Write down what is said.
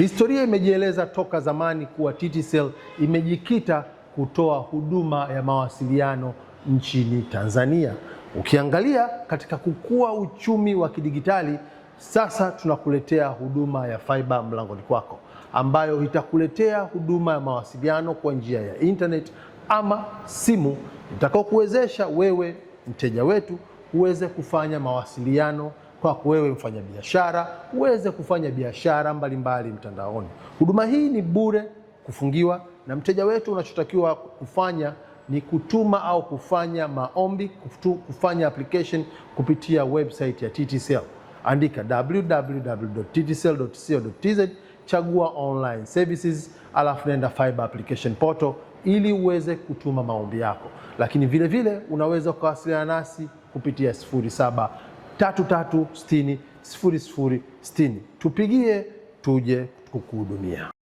Historia imejieleza toka zamani kuwa TTCL imejikita kutoa huduma ya mawasiliano nchini Tanzania. Ukiangalia katika kukua uchumi wa kidigitali, sasa tunakuletea huduma ya fiber mlangoni kwako ambayo itakuletea huduma ya mawasiliano kwa njia ya internet ama simu itakayokuwezesha wewe mteja wetu uweze kufanya mawasiliano kwako wewe mfanyabiashara uweze kufanya biashara mbalimbali mtandaoni. Huduma hii ni bure kufungiwa na mteja wetu. Unachotakiwa kufanya ni kutuma au kufanya maombi kutu, kufanya application kupitia website ya TTCL. Andika www.ttcl.co.tz, chagua online services, alafu nenda fiber application portal ili uweze kutuma maombi yako, lakini vile vile unaweza ukawasiliana nasi kupitia 07 tatu tatu sitini sifuri sifuri stini Tupigie tuje kukuhudumia.